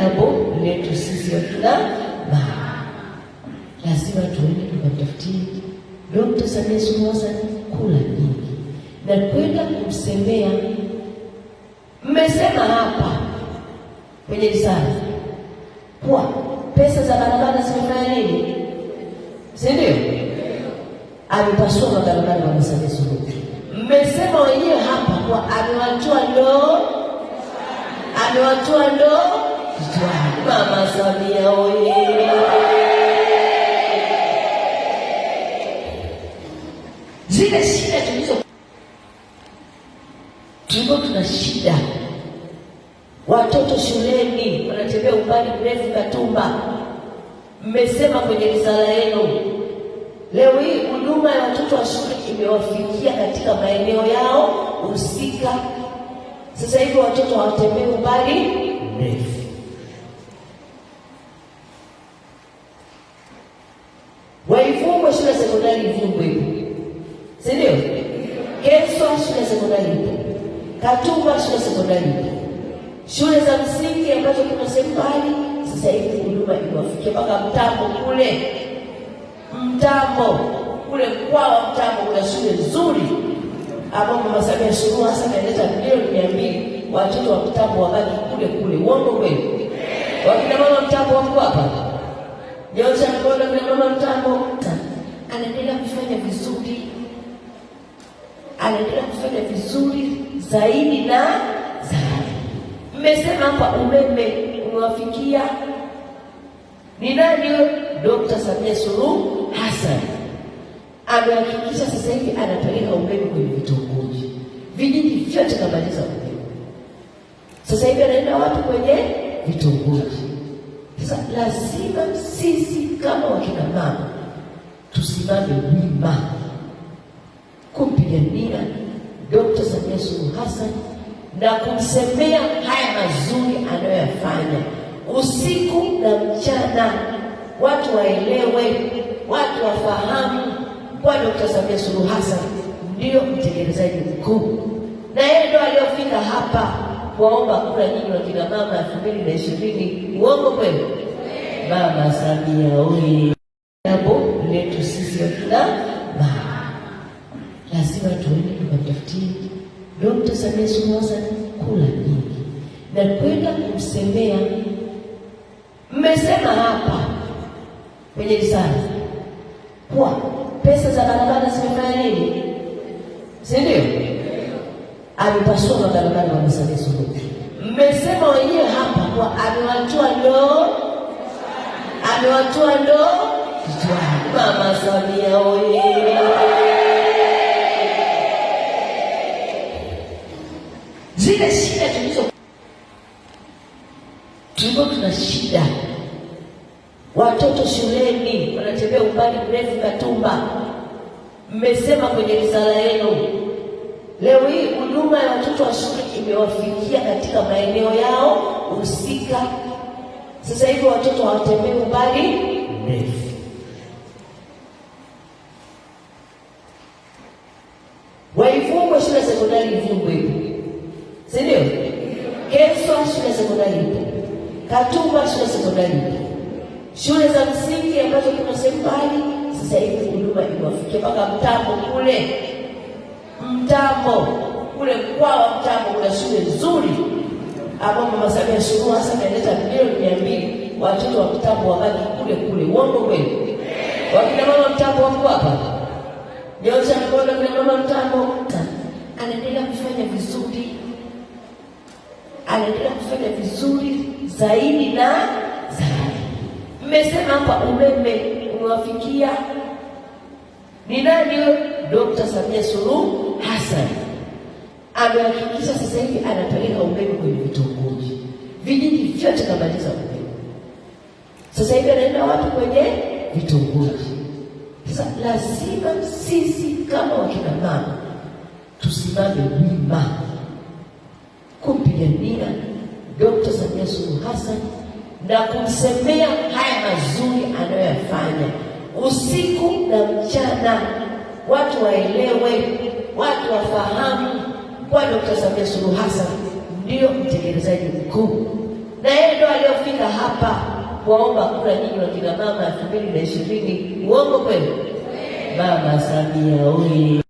jambo letu sisi hatuna maana, lazima tuende tukatafutie Dokta Samia Suluhu Hassan kula nini na kwenda kumsemea. Mmesema hapa kwenye risala kuwa pesa za barabara zimefanya nini, si ndio? Amepasua mabarabara Mama Samia Suluhu. Mmesema wenyewe hapa kuwa amewatoa ndoo, amewatoa ndoo Mama Samia oye! Zile shida tulizo tulikuwa tuna shida, watoto shuleni wanatembea umbali mrefu. Katumba, mmesema kwenye risala yenu, leo hii huduma ya watoto wa shule imewafikia katika maeneo yao husika. Sasa hivi watoto hawatembei umbali mrefu. sekondari Ivumbwe si ndio? Keswa shule sekondari ipo, Katumba shule sekondari ipo, shule za msingi ambazo kuna sehemu mbali sasa hivi huduma imewafikia mpaka Mtambo kule, Mtambo kule Mkwawa, Mtambo kuna shule nzuri ambapo Mama Samia Suluhu Hassan ameleta milioni mia mbili watoto wa Mtambo wabaki kule kule. Uongo kweli? Wakina mama Mtambo wako hapa, nyosha mkono, kina mama Mtambo anaendelea kufanya vizuri, anaendelea kufanya vizuri zaidi na zaidi. Mmesema hapa umeme umewafikia, ni nani huyo? Samia Suluhu Hassan amehakikisha sasa hivi anapeleka umeme kwenye vitongoji, vijiji vyote kamaliza umeme. Sasa hivi anaenda watu kwenye vitongoji. Sasa lazima sisi kama wakina mama tusimame wima kumpigania dokta Samia Suluhu Hassan na kumsemea haya mazuri anayoyafanya usiku na mchana. Watu waelewe, watu wafahamu kwa Dkt. Samia Suluhu Hassan ndiyo mtekelezaji mkuu, na yeye ndo aliyofika hapa kuwaomba kura nyinyi wakina mama elfu mbili na ishirini. Uongo kweli? Mama Samia oye! kupitia Dkt. Samia Suluhu Hassan kula nyingi na kwenda kumsemea. Mmesema hapa kwenye risala kuwa pesa za barabara zimefanya nini, si ndio? Amepasua mabarabara Mama Samia Suluhu. Mmesema wenyewe hapa kuwa amewatoa ndoo, amewatoa ndoo kichwani. Mama Samia oye! zile shida tulizo tulikuwa tuna shida, watoto shuleni wanatembea umbali mrefu Katumba. Mmesema kwenye risala yenu, leo hii huduma ya watoto wa shule imewafikia katika maeneo yao husika. Sasa hivi watoto hawatembei umbali mrefu shule sekondari, Katumba shule sekondari, shule za msingi ambazo kuna sehemu mbali, sasa hivi huduma iwafikie mpaka Mtambo kule, Mtambo kule, mkoa Mtambo kuna shule nzuri ambapo Mama Samia Suluhu Hassan ameleta milioni mia mbili watoto wa Mtambo wabaki kule kule. Uongo kweli? Wakina mama Mtambo wako hapa, nyosha mkono. Kina mama Mtambo anaendelea kufanya vizuri anaendelea kufanya vizuri zaidi na zaidi. Mmesema hapa umeme umewafikia ni nani? Dr. Samia Suluhu Hassan amehakikisha sasa hivi anapeleka umeme kwenye vitongoji, vijiji vyote kamaliza umeme. Sasa hivi anaenda watu kwenye vitongoji. Sasa lazima sisi kama wakina mama tusimame wima kumpigania Dkt. Samia Suluhu Hassan na kumsemea haya mazuri anayoyafanya usiku na mchana. Watu waelewe, watu wafahamu kwa Dkt. Samia Suluhu Hassan ndio mtekelezaji mkuu, na yeye ndo aliyofika hapa kuwaomba kura nyinyi kina mama elfu mbili na ishirini. Uongo kweli? Mama Samia oye!